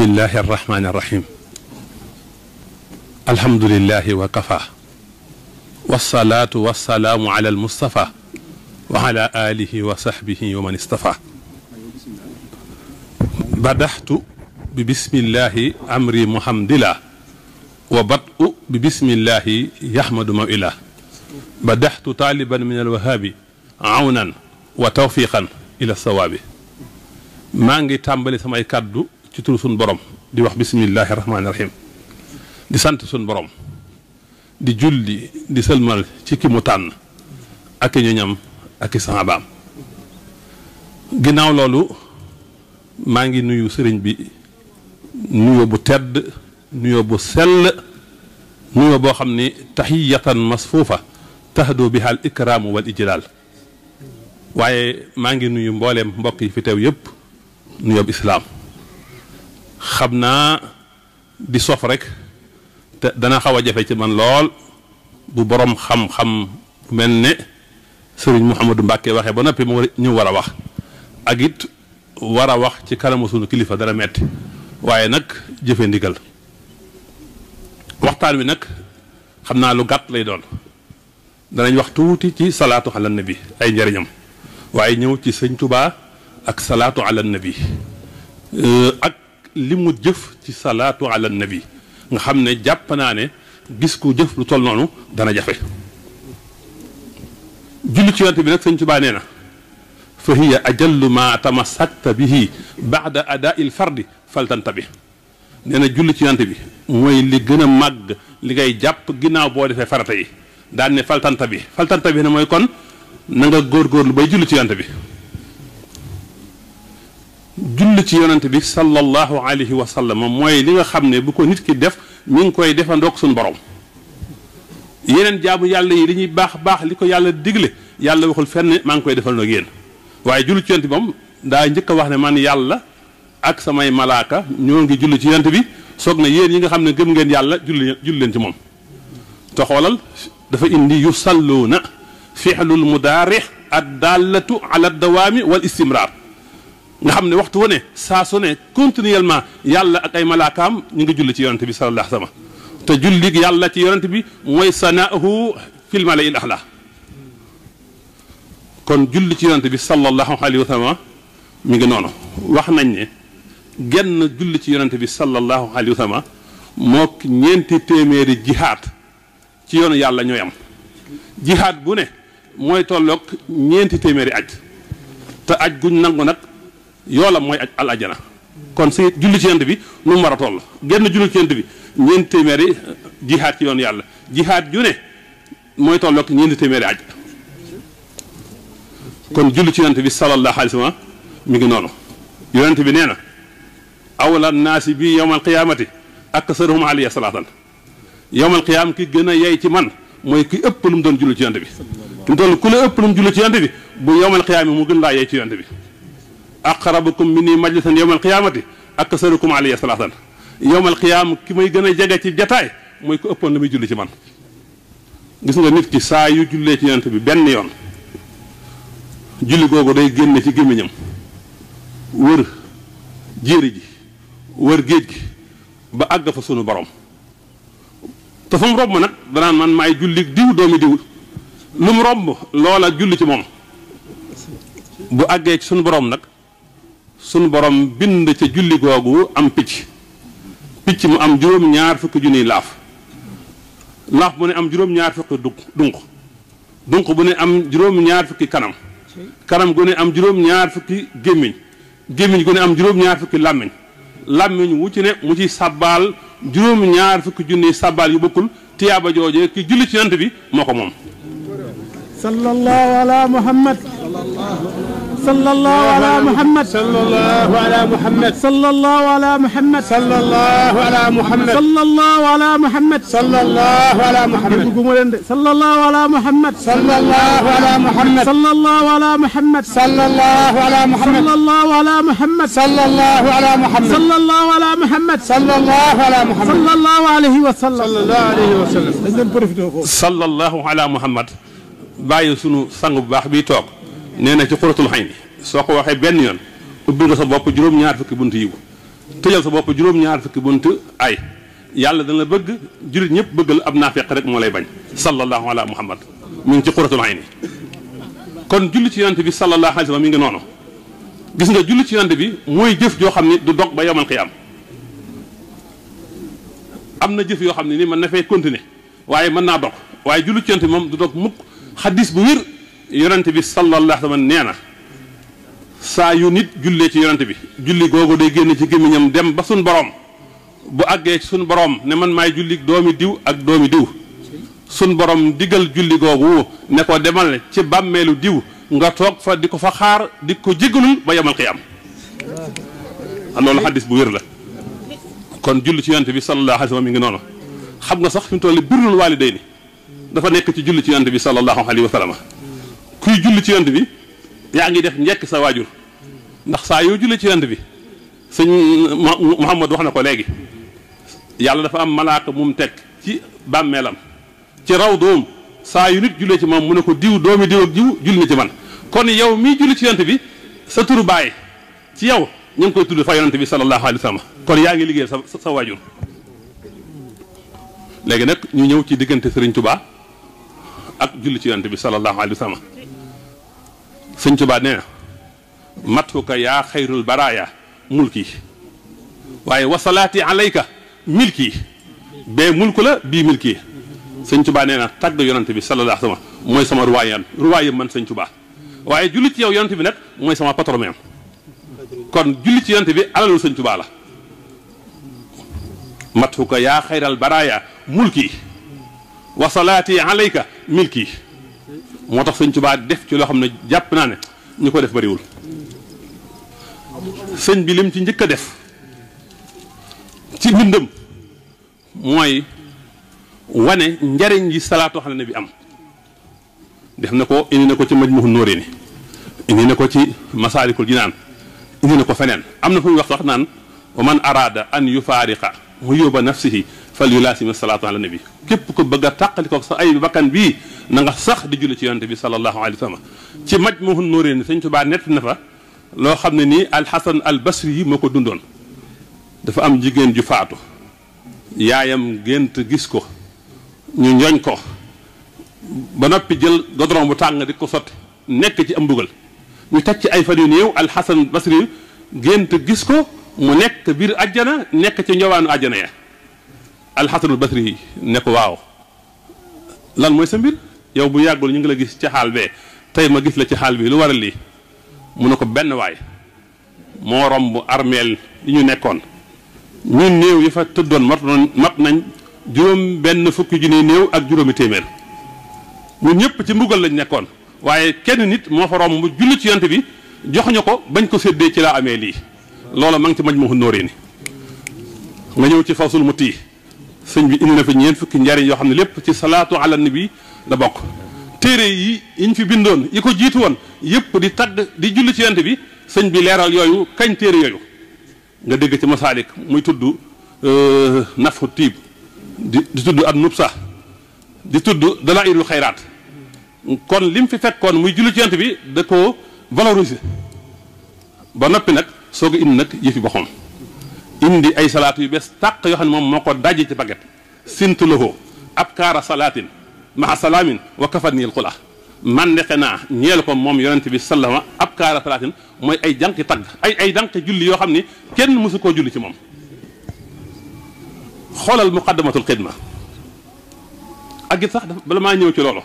bismillahi arrahmani arrahim alhamdulilahi wa kafa wasalaatu wasalaamu ala almustafa wa ala alihi wa sahbihi wa man istafa badaxtu bi bismillahi amri muhamdila wa badu bi bismillahi yaxmadu mawila badaxtu taaliban min alwahaabi awnan wa tawfiqan ila sawaabi maa ngi tàmbali samay kàddu ci turu suñu borom di wax bisimillahi rahmaani rahim di sant sun borom di julli di sëlmal ci ki mu tànn ak i ñoñam ak i sahabaam ginnaaw loolu maa ngi nuyu sëriñ bi nuyoo bu tedd nuyoo bu sell nuyoo boo xam ni taxiyatan masfuufa taxdu biha al ikraamu wal ijlaal waaye maa ngi nuyu mbooleem mbokk yi fi teew yëpp nuyoob islaam xam naa di sof rek te dana xaw a jafe ci man lool bu boroom xam-xam mel ne sëriñ Mouhamadou Mbacke waxee ba noppi mu ñëw war a wax ak it war a wax ci kanamu sunu kilifa dara metti waaye nag jëfe ndigal waxtaan wi nag xam naa lu gàtt lay doon danañ wax tuuti ci salaatu ala nabi ay njëriñam waaye ñëw ci sëñ Touba ak salaatu ala bi ak li mu jëf ci salaatu ala nabi nga xam ne jàpp naa ne gis ku jëf lu tol noonu dana jafe julli ci yonent bi nag sëñ Tuubaa nee na fa hiya ajallu ma tamassakta bihi baada adaa'il fardi faltantabi nee na julli ci yonent bi mooy li gën a màgg li ngay jàpp ginnaaw boo defee farata yi daan ne faltanta bi faltanta bi ne mooy kon nanga góor góor lu bay julli ci yonent bi julli ci yonante bi sallallahu alayhi wa sallam mooy li nga xam ne bu ko nit ki def mi ngi koy defandoog suñu borom yeneen jaamu yàlla yi li ñuy baax baax li ko yàlla digle yàlla waxul fenn maa ngi koy defandoog yéen waaye julli ci yonante bi moom daa njëkk wax ne man yàlla ak samay malaaka ñoo ngi julli ci yonante bi soog na yéen yi nga xam ne gëm ngeen yàlla julli julli leen ci moom te dafa indi yusalluuna fixlul mudaarix ad dallatu ala dawaami wal istimraar nga xam ne waxtu wu ne saa su ne continuellement yàlla ak ay malaakaam ñu ngi julli ci yonent bi sallallahu alayhi wa sallam te julli yàlla ci yonent bi mooy sanaahu fil malaa'il a'la kon julli ci yonent bi sallallahu alayhi wa sallam mi ngi noonu wax nañ ne genn julli ci yonent bi sallallahu alayhi wa sallam mook ñeenti téeméeri ci yoonu yàlla ñooy am jihaad bu ne mooy tolloog ñeenti téeméeri aj te aj guñ nangu nag yoolam mooy al ajjana kon si julli ci yent bi nu mu war a toll genn julli ci yent bi ñeenti téeméeri eh, jihaad ci yoon yàlla jihaad ju ne mooy tolloog ñeenti téeméeri aj kon julli ci bi sallallahu alayhi wa ngi noonu yonent bi nee na awla naasi bi yowmal qiyaamati aksaruhum alayya salaatan yowmal qiyaam ki gën a yey ci man mooy ki ëpp lu mu doon julli ci bi ki mu doon ku la ëpp lu mu julli ci yonent bi bu yowmal qiyaam mu gën laa yey ci yonent bi aqrabukum minni majlisan yowma alqiyamati aksarukum alayya salatan yowma alqiyama ki may gën a jege ci jataay mooy ko ëppoon la muy julli ci man gis nga nit ki saa yu jullee ci yonent bi benn yoon julli googu day génne ci gémmiñam wër jéeri ji wër géej gi ba àgg fa sunu borom te fu romb nag danaan man maay julli diw doomi diw lu mu romb loola julli ci moom bu àggee ci sunu borom nag sunu borom bind ca julli googu am picc picc mu am juróom-ñaar fukki junniy laaf laaf bu ne am juróom-ñaar fukki dunq dunq bu ne am juróom-ñaar fukki kanam kanam gu ne am juróom gémmiñ gémmiñ gu ne am juróom-ñaar fukki làmmiñ làmmiñ wu ci ne mu ci sàbbaal juróom-ñaar fukki junniy sàbbaal yu bokkul tiyaaba joojee ki julli ci yonent bi moo ko moom sallallahu ala muhammad صلى الله على محمد صلى الله على محمد صلى الله على محمد صلى الله على محمد صلى الله على محمد صلى الله على محمد صلى الله على محمد صلى الله على محمد صلى الله على محمد صلى الله على محمد صلى الله على محمد صلى الله على محمد صلى الله على محمد صلى الله على محمد صلى الله عليه وسلم صلى الله عليه وسلم صلى الله على محمد bàyyi sunu sang bu baax bi toog nee na ci xuratul xayn soo ko waxee benn yoon ubbil nga sa bopp juróom-ñaar fukki bunt yiw tëjal sa bopp juróom-ñaar fukki bunt ay yàlla dana la bëgg jurit ñëpp bëgg la ab naafeq rek moo lay bañ sallallahu ala muhammad mu ngi ci xuratul xayn kon julli ci yonante bi sallallahu alayhi wa mi ngi noonu gis nga julli ci yonante bi mooy jëf joo xam ne du dog ba yawmal qiyaam am na jëf yoo xam ne ni mën na fay continuer waaye mën naa dog waaye julli ci yonante bi bu yonent bi sallallahu alayhi wa nee na saa yu nit jullee ci yonent bi julli googu day génn ci gémmiñam dem ba suñ boroom bu àggee ci suñ boroom ne man maay julli doomi diw ak doomi diw suñ boroom digal julli googu ne ko demal ci bàmmeelu diw nga toog fa di ko fa xaar di ko jégalul ba am xiyaam ah, loolu xaddis bu wér la kon julli ci yonent bi sallallahu alayhi wa sallam mi ngi noonu xam nga sax fi mu toll birrul waalidayni dafa nekk ci julli ci yonent bi sallallahu alayhi wa sallam kuy julli ci yonent bi yaa ngi def njekk sa waajur ndax saa yow julli ci yonent bi sëñ Muhammad wax na ko léegi yàlla dafa am malaaka mum teg ci bàmmeelam ci raw saa yu nit jullee ci moom mu ne ko diw doomi diw ak diw julli na ci man kon yow mii julli ci yonent bi sa turu baay ci yow ñu ngi koy tudd fa yonent bi sallallahu alayhi wa sallam kon yaa ngi liggéey sa sa waajur léegi nag ñu ñëw ci diggante Sëriñ Tubaa ak julli ci yonent bi sallallahu alayhi wa sallam sëñ Tuubaa nee na matuka yaa xayrul baraaya mulki waaye wasalaati alayka milki bee mulku la bii milki sëñ Tuubaa nee na tàgg yonante bi sallallahu ma mooy sama ruwaayam ruwaayam man sëñ Tuubaa waaye julli ci yow yonante bi nag mooy sama patron kon julli ci yonante bi alalu sëñ Tuubaa la matuka yaa xayral baraaya mulki wasalaati alayka milki moo tax sëñ Tuubaa def ci loo xam ne jàpp naa ne ñu ko def bariwul sëñ bi ci njëkk a def ci mbindam mooy wane njariñ yi salaatu ala bi am def na ko indi na ko ci Majmahun Nuurini indi na ko ci Masaalikul naan indi na ko feneen am na fu muy wax sax naan wa man araada an yufaariqa muyuba nafsihi fa yulaasima salaatu ala bi képp ko bëgg a tàqali ko sa ay bakkan bii na nga sax di julli ci yonent bi sallallahu alayhi wa sallam ci Majmuhun Nuurayn Sëñ Tuubaa nett na fa loo xam ne nii alxasan al basri yi moo ko dundoon dafa am jigéen ju faatu yaayam gént gis ko ñu njoñ ko ba noppi jël godoron bu tàng di ko sotti nekk ci am mbugal ñu teg ci ay fan yu néew alxasan basri gént gis ko mu nekk biir ajjana nekk ci njowaanu ajjana ya alxasanul basri yi ne ko waaw lan mooy sa mbir yow bu yàggul ñu ngi la gis ci xaal bee tey ma gis la ci xaal bi lu a lii mu ne ko benn waay moo romb armeel yi ñu nekkoon ñun néew yi fa tëddoon mat mat nañ juróom benn fukki junni néew ak juróomi téeméer ñun ñëpp ci mbugal lañ nekkoon waaye kenn nit moo fa romb mu julli ci yant bi jox ñu ko bañ ko seddee ci laa amee lii loola ma ngi ci maj ma xunóoree ni nga ñëw ci faw sul mu tii sëñ bi indi na fi ñeent fukki njariñ yoo xam ne lépp ci salaatu ala nabi la bokk téere yi yiñ fi bindoon yi ko jiitu woon yëpp di tagg di julli ci yonent bi sëñ bi leeral yooyu kañ téere yooyu nga dégg ci masaalik muy tudd euh, nafu tiib di di tudd ak nub sax di tudd dala irul xayraat kon lim fi fekkoon muy julli ci yonent bi da ko valoriser ba noppi nag soog a indi nag yëfi boppam indi ay salaat yu bees tàq yoo xam ne moom moo ko dajje ci baget la ko ab kaara salaatin maa salaamin wa kafani al xula man ndexe naa ñeel ko moom yonent bi sallama ab kaara salaatin mooy ay jànqi tagg ay ay jànqi julli yoo xam ni kenn mësu koo julli ci moom xoolal muqaddamatul xidma ak it sax bala maa ñëw ci loolu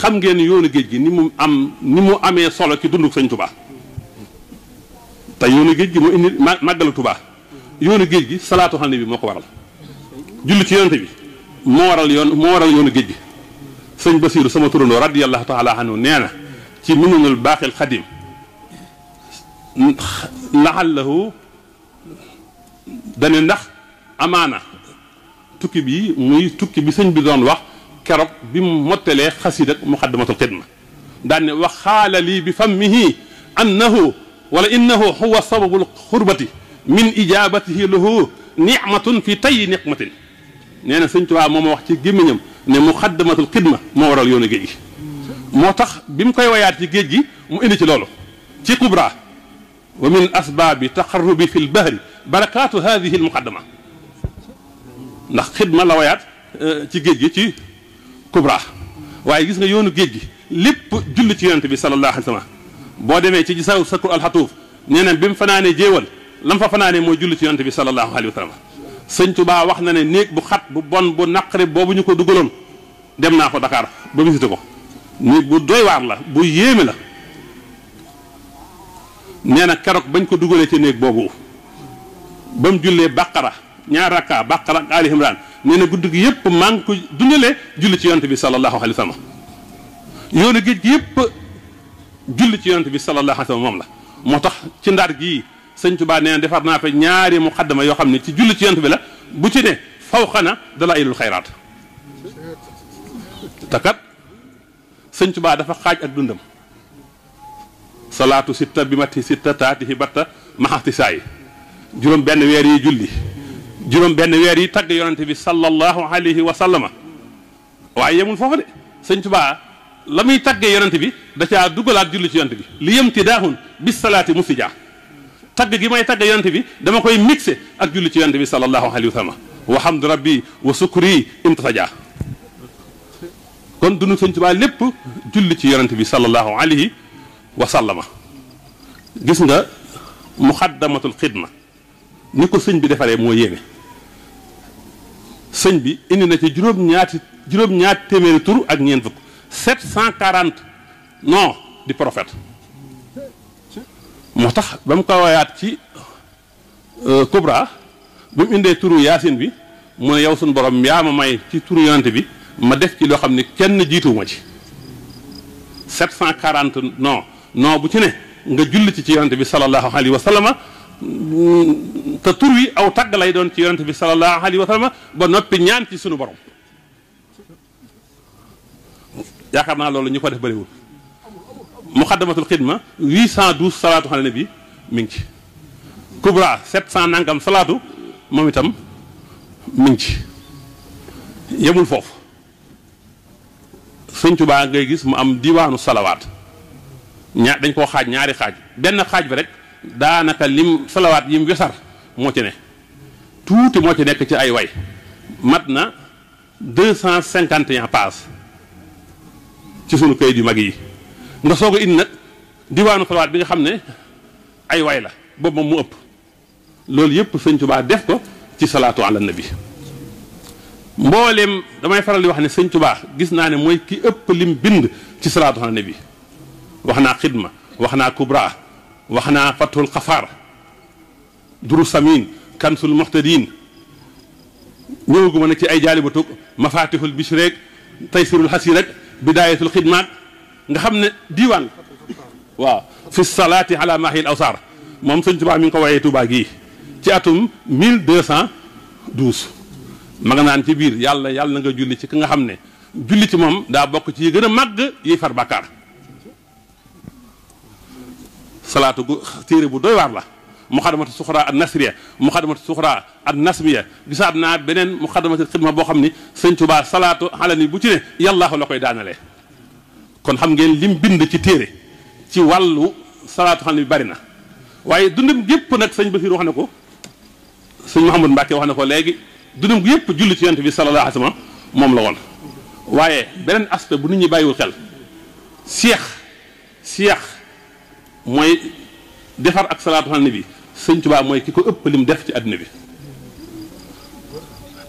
xam ngeen yoonu géej gi ni mu am ni mu amee solo ci dundu sëñ tubaa te yoonu géej gi moo indi màggalu tubaa yoonu géej gi salaatu xalni bi moo ko waral julli ci yonent bi moo waral yoon moo waral yoonu géej gi sëñ Basiiru sama turandoo radiyallahu taala anhu nee na ci minunul baaxil xadim laxallahu dane ndax amaana tukki bi muy tukki bi sëñ bi doon wax keroog bi mu mottalee xasiid ak muqaddamatul xidma daan ne wax xaala lii bi fammihi annahu wala innahu huwa sababul xurbati min ijaabatihi lahu nicmatun fi tayyi nicmatin nee na sëñ Tuubaa moo ma wax ci gémmiñam ne mu xaddamatul xidma moo waral yoonu géej gi moo tax bi mu koy wayaat ci géej gi mu indi ci loolu ci kubra wa min asbaabi taxarrubi fi lbahri barakaatu hadihi almuqaddama ndax xidma la wayaat euh, ci géej gi ci kubra waaye gis nga yoonu géej gi lépp julli ci yonent bi sallallahu alayhi wa boo demee ci sa sakku alxatuuf nee na bi mu fanaanee jéewal lam fa fanaanee mooy julli ci yonent bi sallallahu alayhi wa sëñ Touba wax na ne néeg bu xat bu bon bu naqari boobu ñu ko dugaloon dem naa ko dakaar ba visité ko néeg bu doy la bu yéeme la nee na keroog bañ ko dugalee ci néeg boobu ba mu jullee bàqara ñaar rakka bàqara ak Ali Imran nee na guddi gi yëpp maa ngi ko dundalee julli ci yonte bi sallallahu alayhi wa sallam yoonu géej gi yëpp julli ci yonte bi sallallahu alayhi wa moom la moo tax ci ndaar gii sëñ Tuubaa nee na defar naa fa ñaari muqaddama yoo xam ne ci julli ci yant bi la bu ci ne faw xana dala ilul xayraat te kat dafa xaaj ak dundam salaatu sitta bi matti sitta taatihi batta maxati saayi juróom benn weer yi julli juróom benn weer yi tagg yonante bi sallallahu alayhi wa sallama waaye yemul foofu de sëñ la muy taggee yonante bi da caa dugalaat julli ci yonante bi li yem ti daahun bis salaati tagg gi may tagg yonte bi dama koy mixé ak julli ci yonte bi sallallahu alayhi wa sallam wa hamdu rabbi wa sukri imtasaja kon dunu sëñ Tuubaa lépp julli ci yonente bi sallallahu alayhi wa sallama gis nga muxaddamatul xidma ni ko sëñ bi defaree moo yéeme sëñ bi indi na ci juróom-ñaati juróom-ñaati téeméeri tur ak ñeent fukk 740 non di prophète moo tax ba mu ko wayaat ci euh, Kubra ba mu indee turu yaasin bi mu ne yow suñu borom yaa ma may ci turu yonante bi ma def ci loo xam ne kenn jiituwuma ci 740 non non bu ci ne nga julli ci ci yonante bi sallallahu alayhi wa sallama mm, te tur wi aw tagg lay doon ci yonante bi sallallahu alayhi wa sallama ba noppi ñaan ci sunu borom yaakaar naa loolu ñu ko def bariwul muxaddamatul xidma 812 salaatu xale ne bi mi ngi ci Kubra 700 nangam salaatu moom itam mi ci yemul foofu Sëñ Tuubaa ngay gis mu am diwaanu salawaat ñaar dañ koo xaaj ñaari xaaj benn xaaj bi rek daanaka lim salawaat yim wesar moo ci ne tuuti moo ci nekk ci ay way mat na 251 paas ci sunu kayit yu mag yi nga soog a indi nag diwaanu xalwaat bi nga xam ne ay way la boobu moom mu ëpp loolu yëpp sëñ Tuubaa def ko ci salaatu ala nabi mbooleem damay faral di wax ne sëñ Tuubaa gis naa ne mooy ki ëpp lim bind ci salaatu ala nabi wax naa xidma wax naa kubra wax naa fathul xafaar duru samin kansul muhtadin ñëwaguma nag ci ay jaalibatu mafatihul bichreek taysirul xasir ak bidaayatul nga xam ne diiwaan waaw fi salaati ala mahil awsaar moom sëñ Tuubaa mi ngi ko wayee Tuubaa gii ci atum 1212 ma nga naan ci biir yàlla yàlla na nga julli ci ki nga xam ne julli ci moom daa bokk ci yi gën a màgg yiy far bàkkaar salaatu gu téere bu doy waar la muxadamatu suxra ak nasriya muxadamatu suxra ak nasmiya gisaat naa beneen muxadamatu xidma boo xam ni sëñ Tuubaa salaatu ala ni bu ci ne yàllaahu la koy daanalee kon xam ngeen lim bind ci téere ci wàllu salaatu xam ne bi bari na waaye dundam gépp nag sëñ Basiir wax na ko sëñ Mouhamadou Mbacke wax ne ko léegi dundam gépp julli ci yonent bi sallallahu alayhi wa moom la woon waaye beneen aspect bu nit ñi bàyyiwul xel seex seex mooy defar ak salaatu xam ne bi sëñ Tuubaa mooy ki ko ëpp lim def ci àdduna bi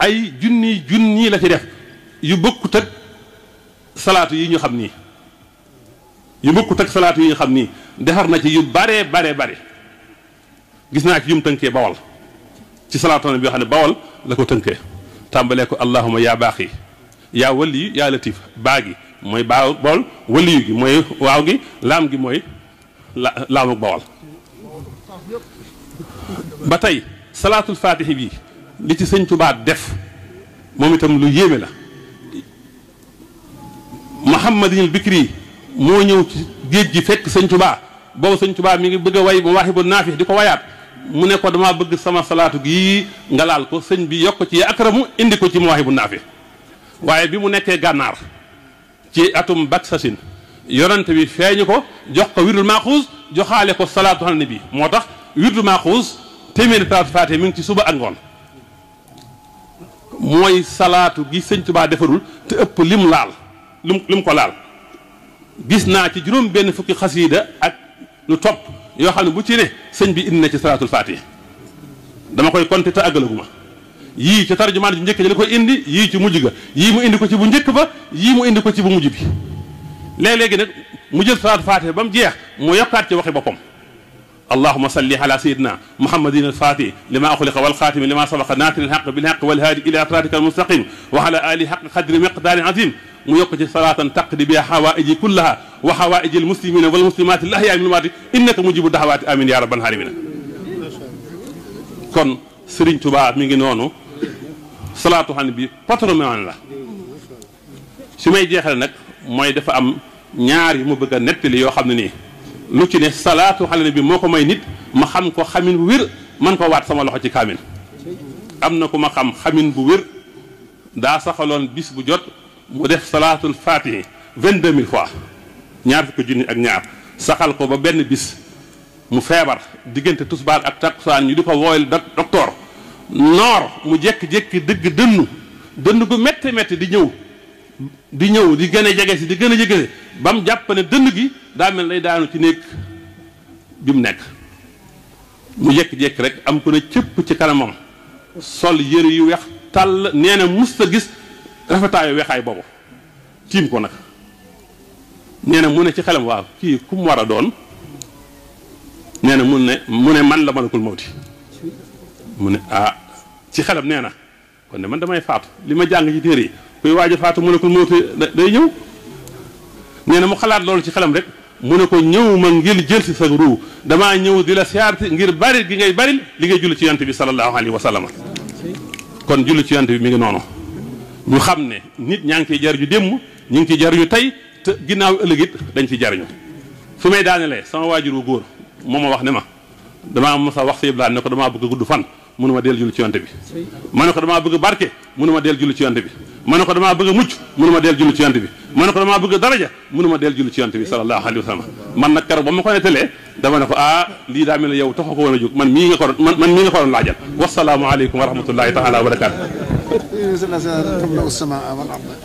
ay junni junni la ci def yu bokkut ak salaatu yi ñu xam ni yu bokkut ak salaatu yi nga xam ni defar na ci yu bare bare bare gis naa ci yum tënkee bawal ci salaatu nabi bi nga xam ne bawal la ko tënkee tàmbalee ko allahuma yaa baax yi yaa waliyu yaa latif baa gi mooy baaw bawal waliyu gi mooy waaw gi laam gi mooy la laamuk bawal ba tey salaatul faatihi bi li ci sëñ Tuubaa def moom itam lu yéeme la muhammadinil bikri moo ñëw ci géej gi fekk sëñ tubaa boobu sëñ tubaa mi ngi bëgg a way mu waxi bu naafi di ko wayaat mu ne ko damaa bëgg sama salaatu gi nga laal ko sëñ bi yokk ci akramu indi ko ci mu waxi bu naafi waaye bi mu nekkee gànnaar ci atum bak sasin yonante bi feeñu ko jox ko wirdul maaxuus joxaale ko salaatu ala nabi moo tax wirdul maaxuus téeméeri salaatu faate mi ngi ci suba ak ngoon mooy salaatu gi sëñ tubaa defarul te ëpp lim laal lim ko laal gis naa ci juróom benn fukki xasiida ak lu topp yoo xam ne bu ci ne sëñ bi indi na ci salaatul faatiha dama koy compter te àggalaguma yii ci tarjumaan ju njëkk ji la koy indi yii ci mujj ga yii mu indi ko ci bu njëkk ba yii mu indi ko ci bu mujj bi léeg-léegi nag mu jël salaatul faate ba mu jeex mu yokkaat ci waxi boppam allahuma salli ala sayidina muhammadin alfatih lima axuliqa walxaatimi lima sabaqa naatiri lxaq bilxaq walhaadi ila siraatika almustaqim wa ala alihi xaq qadri miqdaari azim mu yokk ci salaatan taqdi biha xawaaiji kullaha wa xawaaiji almuslimina walmuslimaati l ahyaai minhum innaka mujibu daxawaati amin ya rabbal alamina kon Sëriñ Tuubaa mi ngi noonu salaatu xam bi patrimoine la su may jeexale nag mooy dafa am ñaar yu ma bëgg a nettali yoo xam ne nii lu ci ne salaatu xalal bi moo ko may nit ma xam ko xamin bu wér man ko waat sama loxo ci kaamil am na ko ma xam xamin bu wér daa saxaloon bis bu jot mu def salaatul faatihi vingt-deux mille fois ñaar fukki junni ak ñaar saxal ko ba benn bis mu feebar diggante tusbaar ak takkusaan yi di ko wooyal docteur noor mu jékki-jékki dëgg dënnu dënn gu metti metti di ñëw di ñëw di gën a jege si di gën a jege ba mu jàpp dënd gi daa lay daanu ci néeg bi mu nekk mu jékki-jékki rek am ku ne cëpp ci kanamam sol yëre yu weex tàll nee na musta gis rafetaayu weexaay boobu tiim ko nag nee na mu ne ci xelam kii ku mu war a doon nee na mu ne mu ne man la malakul mawti mu ne ah ci xelam nee na kon ne man damay faatu li ma jàng ci téere kuy waaj a faatu mu ne ko mooti day ñëw nee na mu xalaat loolu ci xelam rek mu ne ko ñëw ma ngir jël si sa ruu damaa ñëw di la siyaarti ngir bari gi ngay bari li ngay julli ci yonent bi sallallahu alayhi wa sallam kon julli ci yonent bi mi ngi noonu ñu xam ne nit ñaa ngi ciy jariñu démb ñu ngi ciy jariñu tey te ginnaaw ëllëgit it dañ ci jariñu su may daanelee sama waajur wu góor moom ma wax ne ma damaa mos a wax si Ibrahima ne ko damaa bëgg gudd fan mënuma del julli ci yonte bi ma ne ko damaa bëgg barke mënuma del julli ci yonte bi ma ne ko damaa bëgg mucc mënuma del julli ci yonte bi ma ne ko damaa bëgg daraja mënuma del julli ci yonte bi sallallahu alayhi wa sallam man nag keroog ba ma ko nettalee dama ne ko ah lii daa mel ne yow taxu ko woon a jóg man mii nga ko doon man mii nga ko doon laajal wasalaamu aleykum wa rahmatullahi taala wa barakaatu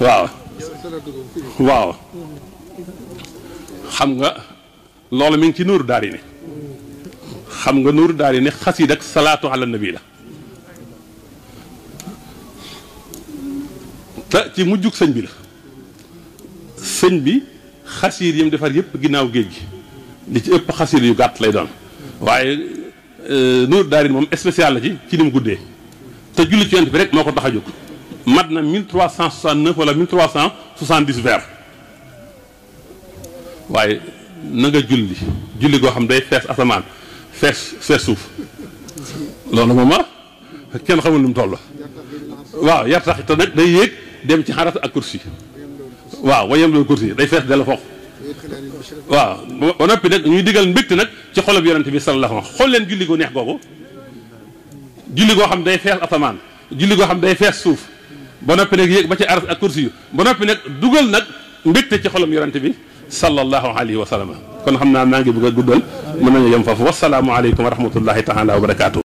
waaw waaw xam nga loolu mi ngi ci nuuru daari ne xam nga Nuuru Daari ne xasiid ak salaatu ala nabi la te ci mujjug sëñ bi la sëñ bi xasiid yi mu defar yëpp ginnaaw géej gi li ci ëpp xasiid yu gàtt lay doon waaye euh, Nuuru Daari moom spécial la ci ci ni mu guddee te julli ci yonent bi rek moo ko tax a jóg mat na 1369 wala 1370 vers waaye na nga julli julli koo xam day fees asamaan fees fees suuf loolu moom ma ah, kenn xamul lu mu toll waaw yartax te nag day yéeg dem ci xarat ak kursi waaw wayam loolu kursi day fees dala foofu waaw ba noppi nag ñuy digal mbégte nag ci xolob yonent bi sallallahu alayhi xool leen julli ko neex googu julli goo xam day fees asamaan julli goo xam day fees suuf ba noppi nag yéeg ba ci aras a kursi yu ba noppi nag dugal nag mbégte ci xolom yonent bi sallallahu alayhi wa sallam kon xam naa maa ngi bëgg a guddal mën nañu yem foofu wasalaamualeykum wa rahmatullahi taala wa barakaatu.